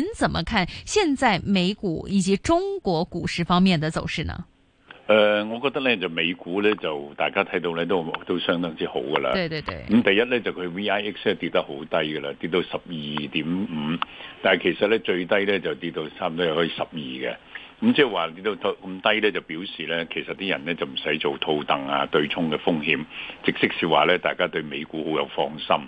您怎麼看現在美股以及中國股市方面的走勢呢？誒、呃，我覺得咧就美股咧就大家睇到咧都都相當之好噶啦。對對對。咁、嗯、第一咧就佢 VIX 跌得好低噶啦，跌到十二點五，但係其實咧最低咧就跌到差唔多又可以十二嘅。咁、嗯、即係話跌到咁低咧，就表示咧其實啲人咧就唔使做套戥啊對沖嘅風險，直式是說話咧，大家對美股好有放心。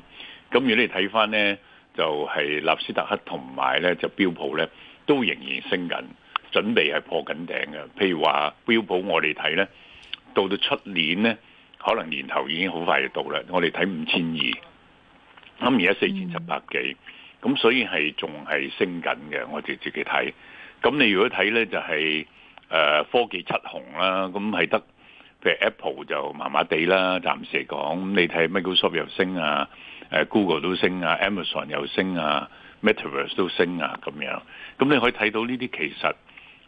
咁如果你睇翻呢。就係納斯達克同埋咧，就標普咧，都仍然升緊，準備係破緊頂嘅。譬如話標普，我哋睇咧，到到出年咧，可能年頭已經好快就到啦。我哋睇五千二，咁而家四千七百幾，咁所以係仲係升緊嘅。我哋自己睇，咁你如果睇咧就係、是、誒、呃、科技七雄啦，咁係得。譬如 Apple 就麻麻地啦，暫時嚟講，你睇 Microsoft 又升啊，Google 都升啊，Amazon 又升啊，Metaverse 都升啊咁樣，咁你可以睇到呢啲其實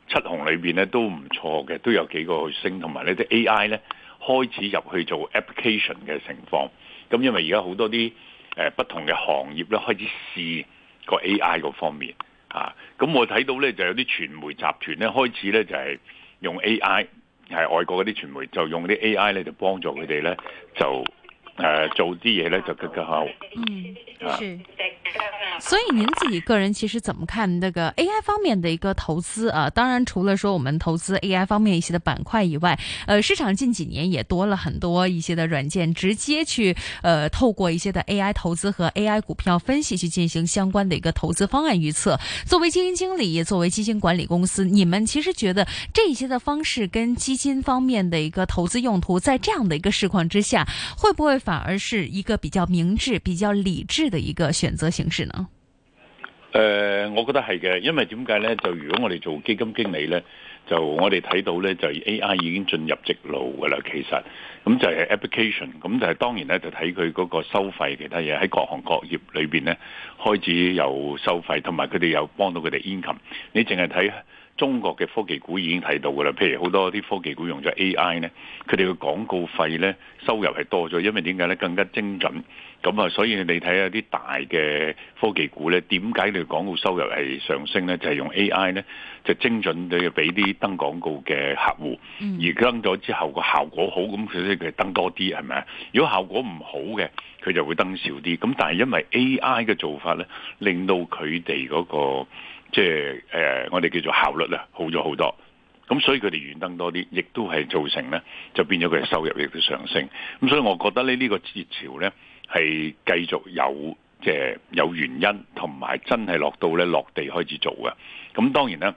七雄裏邊咧都唔錯嘅，都有幾個升，同埋呢啲 AI 咧開始入去做 application 嘅情況，咁因為而家好多啲誒不同嘅行業咧開始試個 AI 個方面啊，咁我睇到咧就有啲傳媒集團咧開始咧就係用 AI。係外國嗰啲傳媒就用啲 AI 咧，就幫助佢哋咧就。呃，做啲嘢咧就更加好。嗯，是。啊、所以您自己個人其實怎麼看這個 A I 方面的一個投資啊？當然，除了說我們投資 A I 方面一些的板塊以外，呃，市場近幾年也多了很多一些的軟件，直接去呃透過一些的 A I 投資和 A I 股票分析去進行相關的一個投資方案預測。作為基金經理，也作為基金管理公司，你們其實覺得這些的方式跟基金方面的一個投資用途，在這樣的一個市況之下，會不會反？而是一個比較明智、比較理智的一個選擇形式呢。誒、呃，我覺得係嘅，因為點解呢？就如果我哋做基金經理呢，就我哋睇到呢，就 AI 已經進入直路噶啦。其實咁、嗯、就係、是、application，咁就、嗯、係當然呢，就睇佢嗰個收費，其他嘢喺各行各業裏邊呢，開始有收費，同埋佢哋有幫到佢哋 income。你淨係睇。中國嘅科技股已經睇到噶啦，譬如好多啲科技股用咗 AI 呢，佢哋嘅廣告費呢，收入係多咗，因為點解呢？更加精準。咁啊，所以你睇下啲大嘅科技股呢，點解佢廣告收入係上升呢？就係、是、用 AI 呢，就精準地俾啲登廣告嘅客戶，嗯、而登咗之後個效果好，咁所以佢登多啲係咪啊？如果效果唔好嘅，佢就會登少啲。咁但係因為 AI 嘅做法呢，令到佢哋嗰個。即係誒、呃，我哋叫做效率咧，好咗好多。咁所以佢哋燃燈多啲，亦都係造成咧，就變咗佢哋收入亦都上升。咁所以我覺得呢呢、呢個熱潮咧係繼續有，即係有原因，同埋真係落到咧落地開始做嘅。咁當然啦，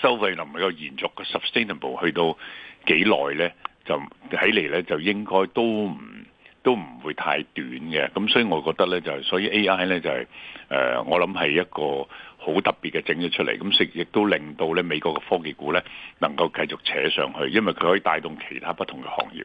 收費能唔能夠延續個 sustainable 去到幾耐咧，就睇嚟咧，就應該都唔都唔會太短嘅。咁所以我覺得咧，就係、是、所以 AI 咧就係、是、誒、呃，我諗係一個。好特別嘅整咗出嚟，咁亦都令到咧美國嘅科技股咧能夠繼續扯上去，因為佢可以帶動其他不同嘅行業。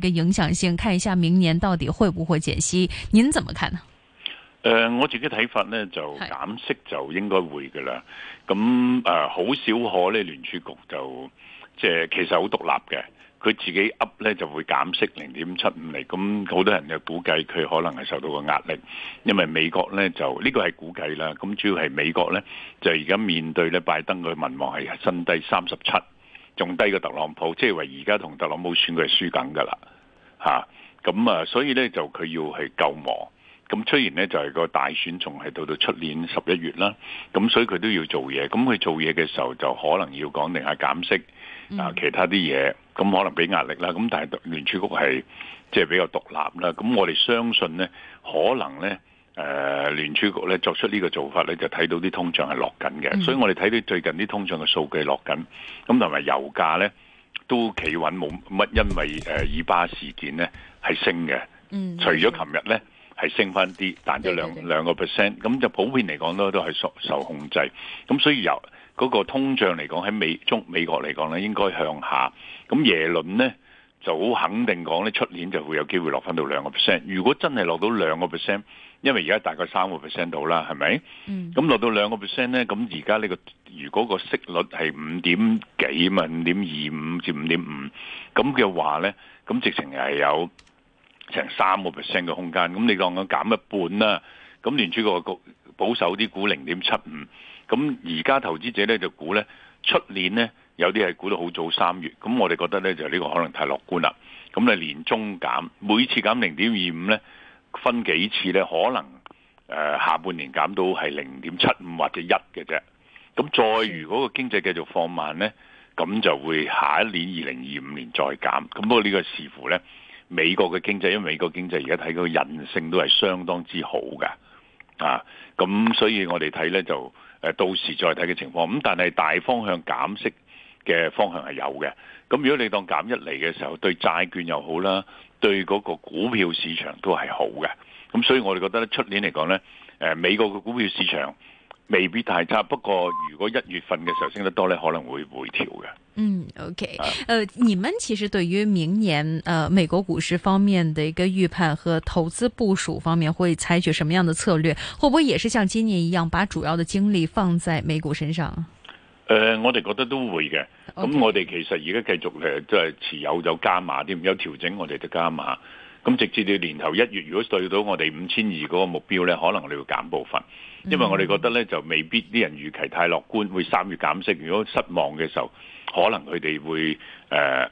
個影響性，看一下明年到底會不會減息？您怎麼看呢？誒、呃，我自己睇法呢，就減息就應該會噶啦。咁誒是，好少、呃、可呢，聯儲局就即係其實好獨立嘅，佢自己噏呢，就會減息零點七五厘。咁好多人就估計佢可能係受到個壓力，因爲美國呢，就呢、這個係估計啦。咁主要係美國呢，就而家面對呢拜登嘅民望係新低三十七。仲低過特朗普，即係話而家同特朗普選舉係輸緊噶啦，嚇咁啊，所以咧就佢要係救亡。咁雖然咧就係、是、個大選仲係到到出年十一月啦，咁所以佢都要做嘢。咁佢做嘢嘅時候就可能要講定係減息、嗯、啊，其他啲嘢，咁可能俾壓力啦。咁但係聯儲局係即係比較獨立啦。咁我哋相信咧，可能咧。誒、呃、聯儲局咧作出呢個做法咧，就睇到啲通脹係落緊嘅，嗯、所以我哋睇到最近啲通脹嘅數據落緊，咁同埋油價咧都企穩冇乜，因為誒以、呃、巴事件咧係升嘅，嗯、除咗琴日咧係升翻啲，但咗兩兩個 percent，咁就普遍嚟講都都係受受控制。咁、嗯、所以油嗰個通脹嚟講喺美中美國嚟講咧，應該向下。咁耶倫咧就好肯定講咧，出年就會有機會落翻到兩個 percent。如果真係落到兩個 percent。因為而家大概三個 percent 到啦，係咪？咁落到兩個 percent 咧，咁而家呢個如果個息率係五點幾嘛，五點二五至五點五咁嘅話咧，咁直情係有成三個 percent 嘅空間。咁你當佢減一半啦、啊，咁聯儲局保守啲估零點七五，咁而家投資者咧就估咧出年咧有啲係估得好早三月，咁我哋覺得咧就呢個可能太樂觀啦。咁你年中減，每次減零點二五咧。分幾次咧？可能、呃、下半年減到係零點七五或者一嘅啫。咁再如果個經濟繼續放慢咧，咁就會下一年二零二五年再減。咁不過呢個視乎咧美國嘅經濟，因為美國經濟而家睇到韌性都係相當之好嘅啊。咁所以我哋睇咧就到時再睇嘅情況。咁但係大方向減息嘅方向係有嘅。咁如果你當減一嚟嘅時候，對債券又好啦。對嗰個股票市場都係好嘅，咁所以我哋覺得咧，出年嚟講咧，誒、呃，美國嘅股票市場未必太差，不過如果一月份嘅時候升得多咧，可能會回調嘅。嗯，OK，誒、啊呃，你們其實對於明年呃美國股市方面的一個預判和投資部署方面，會採取什麼樣的策略？會不會也是像今年一樣，把主要的精力放在美股身上？誒、呃，我哋覺得都會嘅。咁 Okay. 我哋其實而家繼續誒，即係持有就加碼添，有調整我哋就加碼。咁直至到年頭一月，如果對到我哋五千二嗰個目標咧，可能我哋會減部分，因為我哋覺得咧就未必啲人預期太樂觀，會三月減息。如果失望嘅時候，可能佢哋會誒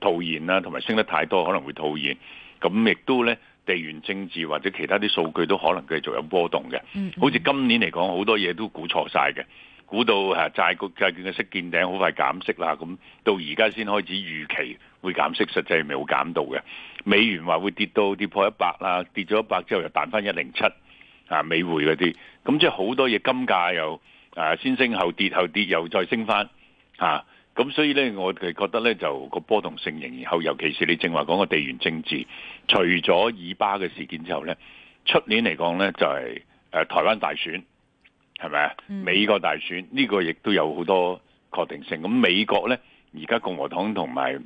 套現啦，同、呃、埋 升得太多可能會套現。咁亦都咧地緣政治或者其他啲數據都可能繼續有波動嘅。好似今年嚟講，好多嘢都估錯晒嘅。估到嚇債局債券嘅息見頂，好快減息啦。咁到而家先開始預期會減息，實際係未會減到嘅。美元話會跌到跌破一百啦，跌咗一百之後又彈翻一零七啊，美匯嗰啲。咁即係好多嘢金價又啊先升後跌，後跌又再升翻啊，咁所以咧，我哋覺得咧就個波動性仍然，然後，尤其是你正話講個地緣政治，除咗以巴嘅事件之後咧，出年嚟講咧就係誒台灣大選。係咪啊？美國大選呢、這個亦都有好多確定性。咁美國呢，而家共和黨同埋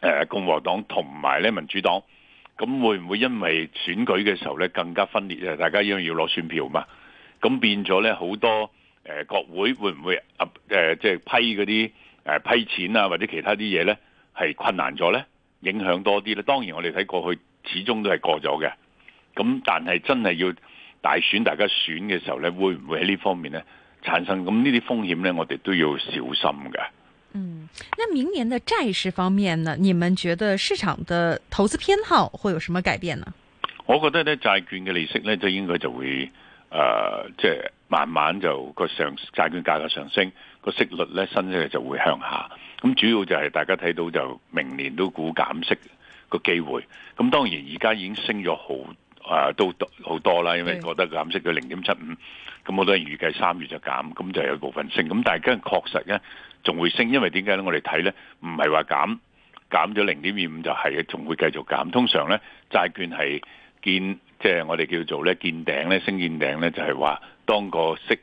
誒共和黨同埋咧民主黨，咁會唔會因為選舉嘅時候咧更加分裂？因為大家一樣要攞選票嘛。咁變咗呢好多誒、呃、國會會唔會誒即係批嗰啲誒批錢啊或者其他啲嘢呢？係困難咗呢，影響多啲呢。當然我哋睇過去始終都係過咗嘅。咁但係真係要。大選大家選嘅時候咧，會唔會喺呢方面咧產生咁呢啲風險咧？我哋都要小心嘅。嗯，那明年的債市方面呢？你們覺得市場的投資偏好會有什麼改變呢？我覺得咧，債券嘅利息咧就應該就會誒，即、呃、係、就是、慢慢就個上債券價格上升，個息率咧新息就會向下。咁主要就係大家睇到就明年都估減息個機會。咁當然而家已經升咗好。啊，都好多啦，因為覺得減息到零點七五，咁好多人預計三月就減，咁就有部分升。咁但係今日確實咧，仲會升，因為點解咧？我哋睇咧，唔係話減，減咗零點二五就係，仲會繼續減。通常咧，債券係見，即係我哋叫做咧見頂咧，升見頂咧，就係話當個息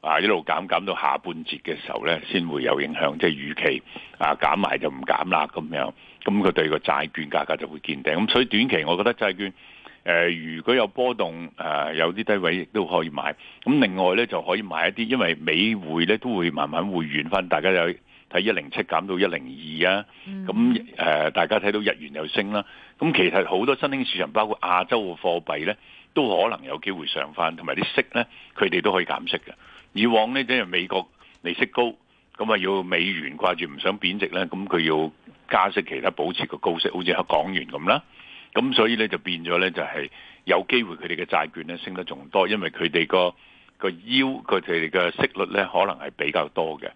啊一路減減到下半截嘅時候咧，先會有影響，即係預期啊減埋就唔減啦咁樣，咁佢對個債券價格就會見頂。咁所以短期我覺得債券。呃、如果有波動，呃、有啲低位亦都可以買。咁另外咧就可以買一啲，因為美匯咧都會慢慢匯軟翻。大家有睇一零七減到一零二啊。咁、嗯啊呃、大家睇到日元又升啦。咁其實好多新興市場包括亞洲嘅貨幣咧，都可能有機會上翻，同埋啲息咧，佢哋都可以減息嘅。以往呢，即係美國利息高，咁啊要美元掛住唔想貶值咧，咁佢要加息，其他保持個高息，好似港元咁啦。咁所以咧就變咗咧就係有機會佢哋嘅債券咧升得仲多，因為佢哋個個腰佢哋嘅息率咧可能係比較多嘅。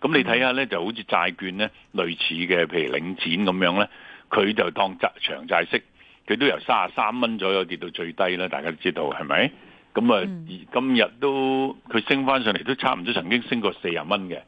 咁你睇下咧就好似債券咧，類似嘅譬如領展咁樣咧，佢就當長債息，佢都由三十三蚊左右跌到最低啦，大家都知道係咪？咁啊，而今日都佢升翻上嚟都差唔多曾經升過四十蚊嘅，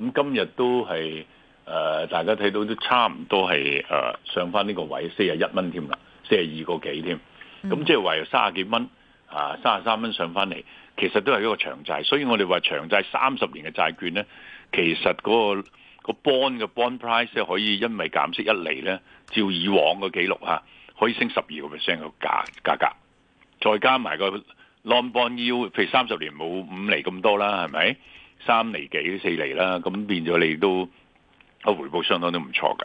咁今日都係、呃、大家睇到都差唔多係、呃、上翻呢個位四十一蚊添啦。即係二個是幾添，咁即係話三十幾蚊，啊三十三蚊上翻嚟，其實都係一個長債，所以我哋話長債三十年嘅債券咧，其實嗰、那個個 bond 嘅 bond price 咧可以因為減息一厘咧，照以往嘅記錄嚇，可以升十二個 percent 個價格，再加埋個 long bond yield，譬如三十年冇五厘咁多啦，係咪三厘幾四厘啦，咁變咗你都個回報相當都唔錯㗎。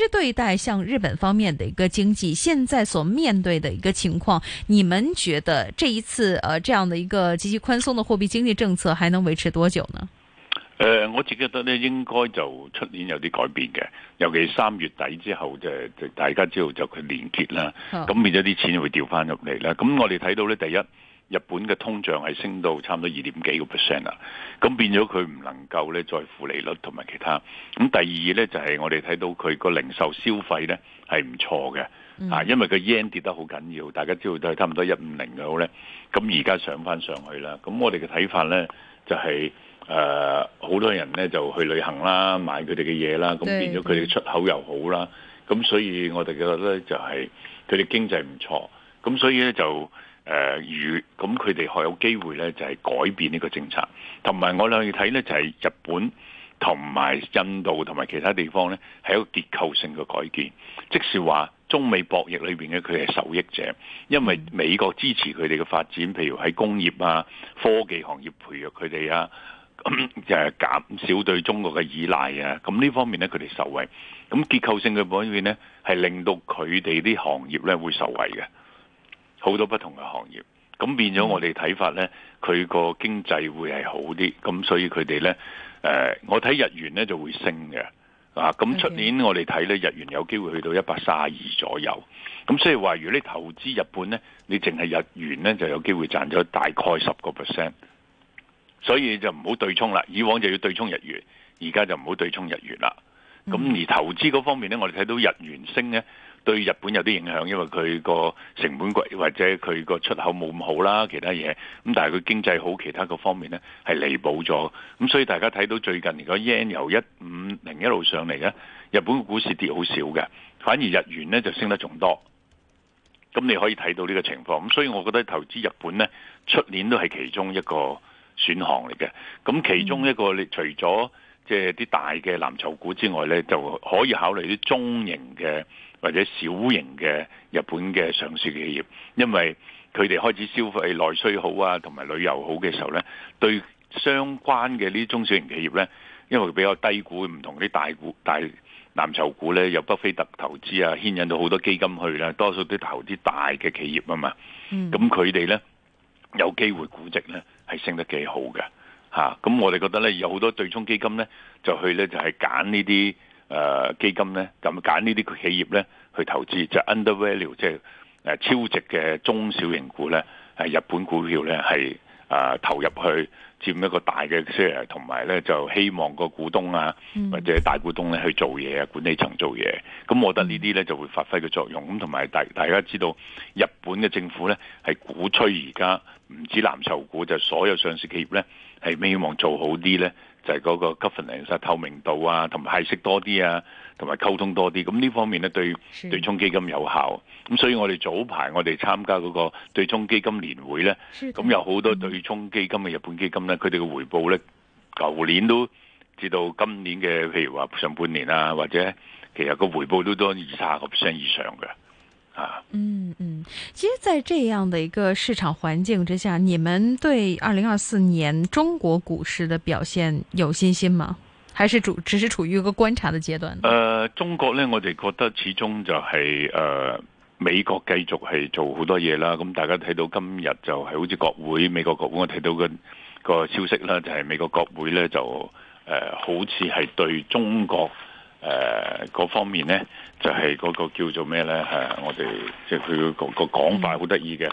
對待像日本方面的一個經濟，現在所面對的一個情況，你們覺得這一次，呃，這樣的一個極其寬鬆的貨幣經濟政策，還能維持多久呢？誒，我自己覺得呢，應該就出年有啲改變嘅，尤其三月底之後就，就大家知道就佢連結啦，咁變咗啲錢會掉翻入嚟啦，咁我哋睇到呢第一。日本嘅通脹係升到差唔多二點幾個 percent 啦，咁變咗佢唔能夠咧再負利率同埋其他。咁第二咧就係、是、我哋睇到佢個零售消費咧係唔錯嘅，嗯、啊，因為個 yen 跌得好緊要，大家知道都係差唔多一五零嘅好咧，咁而家上返上去啦。咁我哋嘅睇法咧就係誒好多人咧就去旅行啦，買佢哋嘅嘢啦，咁對變咗佢哋嘅出口又好啦，咁所以我哋覺得咧就係佢哋經濟唔錯，咁所以咧就。誒，如咁佢哋還有機會咧，就係改變呢個政策。同埋我兩要睇咧，就係日本同埋印度同埋其他地方咧，係一個結構性嘅改建。即使話中美博弈裏邊咧，佢係受益者，因為美國支持佢哋嘅發展，譬如喺工業啊、科技行業培育佢哋啊，咁就係減少對中國嘅依賴啊。咁呢方面咧，佢哋受惠。咁結構性嘅改變咧，係令到佢哋啲行業咧會受惠嘅。好多不同嘅行業，咁變咗我哋睇法呢，佢個經濟會係好啲，咁所以佢哋呢，誒，我睇日元呢就會升嘅，啊，咁出年我哋睇呢，日元有機會去到一百三十二左右，咁所以話如果你投資日本呢，你淨係日元呢就有機會賺咗大概十個 percent，所以就唔好對沖啦，以往就要對沖日元，而家就唔好對沖日元啦，咁而投資嗰方面呢，我哋睇到日元升呢。對日本有啲影響，因為佢個成本貴，或者佢個出口冇咁好啦，其他嘢咁。但係佢經濟好，其他個方面呢係彌補咗咁，所以大家睇到最近如果 yen 由一五零一路上嚟咧，日本嘅股市跌好少嘅，反而日元呢就升得仲多。咁你可以睇到呢個情況咁，所以我覺得投資日本呢，出年都係其中一個選項嚟嘅。咁其中一個你、嗯、除咗即係啲大嘅藍籌股之外呢，就可以考慮啲中型嘅。或者小型嘅日本嘅上市企業，因為佢哋開始消費內需好啊，同埋旅遊好嘅時候咧，對相關嘅呢啲中小型企業咧，因為比較低估唔同啲大股、大藍籌股咧，有巴菲特投資啊，牽引到好多基金去啦，多數啲投啲大嘅企業啊嘛、嗯那他們。咁佢哋咧有機會估值咧係升得幾好嘅吓，咁、啊、我哋覺得咧有好多對沖基金咧就去咧就係揀呢啲。誒基金咧，咁揀呢啲企業咧去投資，就是、undervalue，即係誒超值嘅中小型股咧，係日本股票咧係誒投入去佔一個大嘅 share，同埋咧就希望個股東啊、嗯、或者大股東咧去做嘢啊，管理層做嘢，咁我覺得呢啲咧就會發揮嘅作用。咁同埋大大家知道日本嘅政府咧係鼓吹而家唔止藍籌股，就是、所有上市企業咧係希望做好啲咧。就係嗰個 governance 透明度啊，同埋係識多啲啊，同埋溝通多啲，咁呢方面咧對對沖基金有效。咁所以我哋早排我哋參加嗰個對沖基金年會咧，咁有好多對沖基金嘅日本基金咧，佢哋嘅回報咧，舊年都至到今年嘅譬如話上半年啊，或者其實個回報都多二卅個 percent 以上嘅。嗯嗯，其實，在這樣的一個市場環境之下，你們對二零二四年中國股市的表現有信心嗎？還是主只是處於一個觀察的階段？誒、呃，中國呢，我哋覺得始終就係、是、誒、呃，美國繼續係做好多嘢啦。咁、嗯、大家睇到今日就係好似國會，美國國會，我睇到個個消息啦，就係、是、美國國會呢就，就、呃、誒，好似係對中國誒嗰、呃、方面呢。就係嗰個叫做咩咧？係、啊、我哋即係佢個個講法好得意嘅。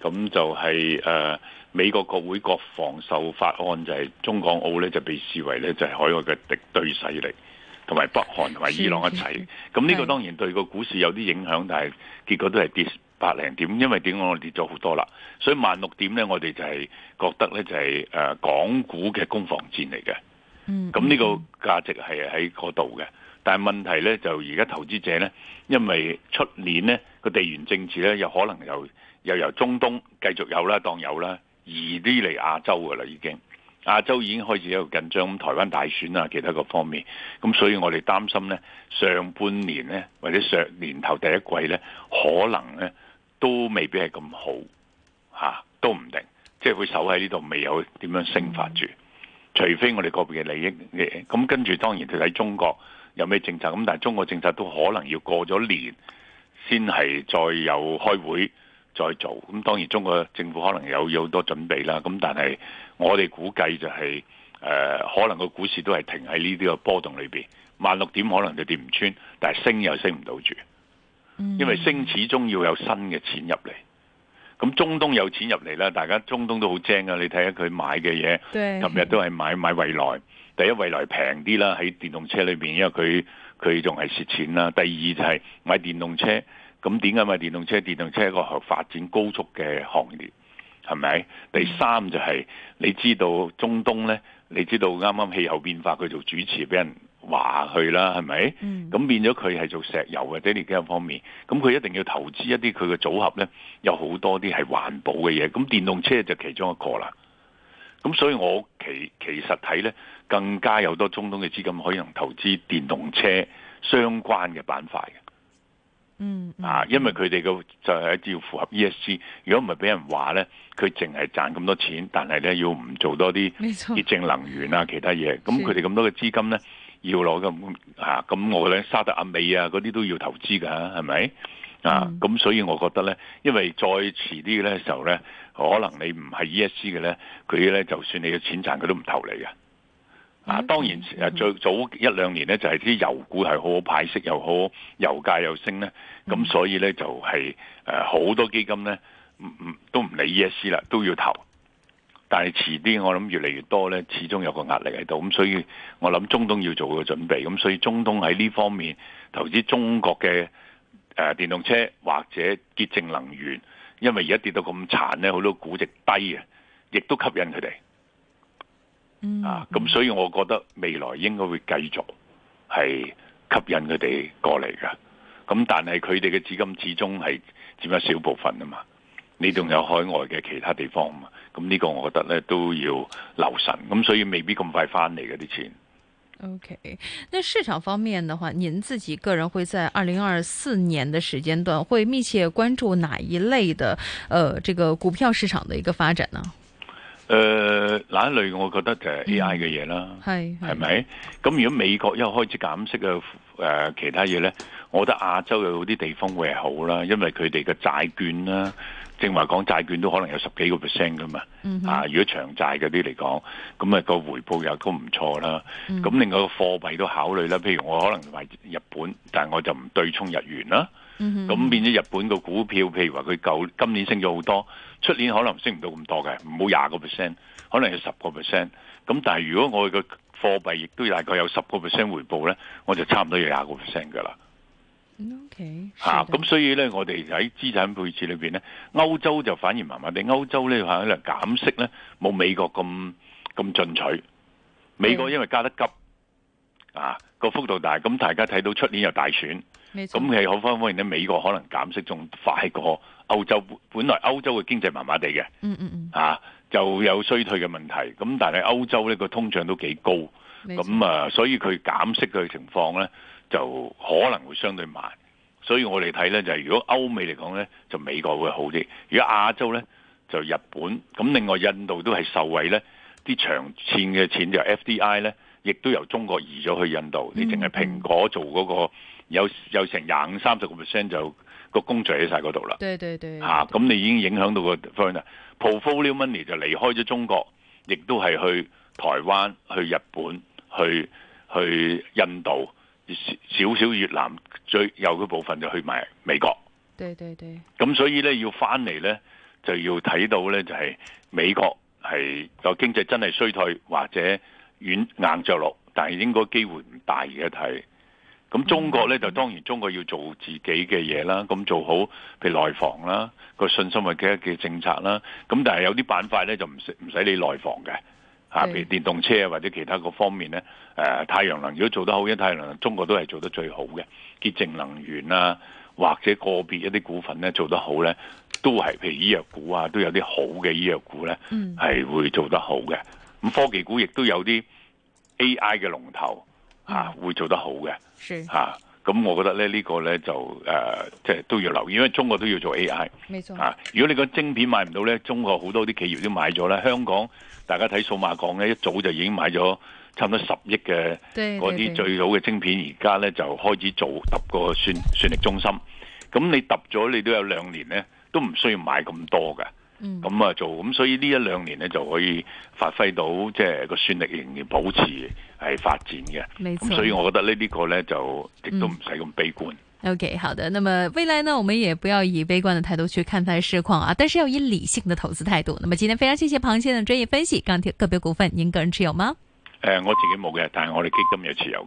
咁、嗯、就係、是、誒、呃、美國國會國防授法案就係中港澳咧就被視為咧就係、是、海外嘅敵對勢力，同埋北韓同埋伊朗一齊。咁呢是個當然對個股市有啲影響，是但係結果都係跌百零點，因為點講我跌咗好多啦。所以萬六點咧，我哋就係覺得咧就係港股嘅攻防戰嚟嘅。咁呢、嗯、個價值係喺嗰度嘅。但係問題咧，就而家投資者咧，因為出年咧個地緣政治咧，又可能又又由中東繼續有啦，當有啦，移啲嚟亞洲㗎啦，已經亞洲已經開始有緊張，咁台灣大選啊，其他各方面，咁所以我哋擔心咧，上半年咧或者上年頭第一季咧，可能咧都未必係咁好嚇，啊，都唔定，即係佢守喺呢度，未有點樣升發住，除非我哋個別嘅利益嘅，咁跟住當然佢喺中國。有咩政策咁？但係中國政策都可能要過咗年先係再有開會再做。咁當然中國政府可能有有好多準備啦。咁但係我哋估計就係、是呃、可能個股市都係停喺呢啲個波動裏面，萬六點可能就跌唔穿，但係升又升唔到住，因為升始終要有新嘅錢入嚟。咁中東有錢入嚟啦，大家中東都好精啊！你睇下佢買嘅嘢，琴日對都係買買未來。第一，未來平啲啦，喺電動車裏面，因為佢佢仲係蝕錢啦。第二就係買電動車，咁點解買電動車？電動車係一個發展高速嘅行業，係咪？第三就係、是嗯、你知道中東呢，你知道啱啱氣候變化佢做主持俾人話去啦，係咪？咁、嗯、變咗佢係做石油嘅。或者其他方面，咁佢一定要投資一啲佢嘅組合呢，有好多啲係環保嘅嘢，咁電動車就其中一個啦。咁所以我其其實睇咧，更加有多中東嘅資金可以能投資電動車相關嘅板塊嘅、啊嗯。嗯啊，因為佢哋嘅就係、是、要符合 ESG，如果唔係俾人話咧，佢淨係賺咁多錢，但係咧要唔做多啲潔淨能源啊，沒錯，其他嘢。咁佢哋咁多嘅資金咧，要攞咁啊，咁我咧沙特阿美啊，嗰啲都要投資噶、啊，係咪？啊，咁所以我覺得咧，因為再遲啲咧時候咧。可能你唔係 E.S.C 嘅咧，佢咧就算你嘅錢賺，佢都唔投你嘅。啊，嗯、當然、嗯、最早一兩年咧就係、是、啲油股係好好派息又好，油價又升咧，咁所以咧就係誒好多基金咧唔都唔理 E.S.C 啦，都要投。但係遲啲我諗越嚟越多咧，始終有個壓力喺度，咁所以我諗中東要做個準備，咁所以中東喺呢方面投資中國嘅誒、呃、電動車或者潔淨能源。因為而家跌到咁殘咧，好多估值低啊，亦都吸引佢哋。啊、嗯，咁所以我覺得未來應該會繼續係吸引佢哋過嚟噶。咁但係佢哋嘅資金始終係佔咗小部分啊嘛。你仲有海外嘅其他地方啊嘛。咁呢個我覺得咧都要留神。咁所以未必咁快翻嚟嗰啲錢。O、okay. K，那市場方面的話，您自己個人會在二零二四年的時間段會密切關注哪一類的，呃，這個股票市場的一個發展呢？誒、呃，哪一類我覺得就係 A I 嘅嘢啦，係係咪？咁如果美國又開始減息嘅，誒、呃，其他嘢呢，我覺得亞洲有啲地方會係好啦，因為佢哋嘅債券啦。正話講債券都可能有十幾個 percent 㗎嘛，mm hmm. 啊，如果長債嗰啲嚟講，咁、那、啊個回報又都唔錯啦。咁、mm hmm. 另外個貨幣都考慮啦，譬如我可能買日本，但係我就唔對沖日元啦。咁、mm hmm. 變咗日本個股票，譬如話佢舊今年升咗好多，出年可能升唔到咁多嘅，唔好廿個 percent，可能有十個 percent。咁但係如果我個貨幣亦都大概有十個 percent 回報咧，我就差唔多有廿個 percent 㗎啦。O K，嚇，咁、okay，啊、所以咧，我哋喺資產配置裏邊咧，歐洲就反而麻麻地，歐洲咧可能減息咧，冇美國咁咁進取。美國因為加得急，啊個幅度大，咁大家睇到出年又大選，咁係好方方然咧，美國可能減息仲快過歐洲。本來歐洲嘅經濟麻麻地嘅，嚇、啊、就有衰退嘅問題，咁、啊、但係歐洲呢、個通脹都幾高。咁啊、嗯，所以佢減息嘅情況咧，就可能會相對慢。所以我哋睇咧就係如果歐美嚟講咧，就美國會好啲；如果亞洲咧，就日本。咁另外印度都係受惠咧，啲長線嘅錢就 FDI 咧，亦都由中國移咗去印度。嗯、你淨係蘋果做嗰、嗰個有有成廿五三十個 percent 就個工序喺晒嗰度啦。對對對，對，對，對、啊。吓，咁你已經影響到個 fund 啊 portfolio money 就離開咗中國，亦都係去台灣、去日本。去去印度少少越南，最有嗰部分就去埋美國。對對對，咁所以咧要翻嚟咧就要睇到咧就係、是、美國係個經濟真係衰退或者軟硬着陸，但係應該機會唔大嘅。睇咁中國咧、嗯、就當然中國要做自己嘅嘢啦，咁做好譬如內防啦，個信心或者嘅政策啦。咁但係有啲板塊咧就唔使唔使你內防嘅。啊，譬是如電動車啊，或者其他各方面咧，誒、呃、太陽能如果做得好，因為太陽能中國都係做得最好嘅，潔淨能源啦、啊，或者個別一啲股份咧做得好咧，都係譬如醫藥股啊，都有啲好嘅醫藥股咧，係、嗯、會做得好嘅。咁科技股亦都有啲 AI 嘅龍頭啊，會做得好嘅。是、啊咁我覺得咧，這個、呢個咧就誒，即係、呃、都要留意，因為中國都要做 AI 錯。啊！如果你個晶片買唔到咧，中國好多啲企業都買咗呢。香港大家睇數碼港咧，一早就已經買咗差唔多十億嘅嗰啲最好嘅晶片，而家咧就開始做揼個算算力中心。咁你揼咗，你都有兩年咧，都唔需要買咁多嘅。咁啊做，咁、嗯嗯嗯、所以呢一兩年呢就可以發揮到，即係個算力仍然保持係發展嘅。錯嗯、所以我覺得呢呢個呢就亦都唔使咁悲觀、嗯。OK，好的。那麼未來呢，我們也不要以悲觀的態度去看待市況啊，但是要以理性的投資態度。那麼今天非常謝謝龐先生的專業分析，鋼鐵個別股份您個人持有嗎？呃、我自己冇嘅，但係我哋基金有持有。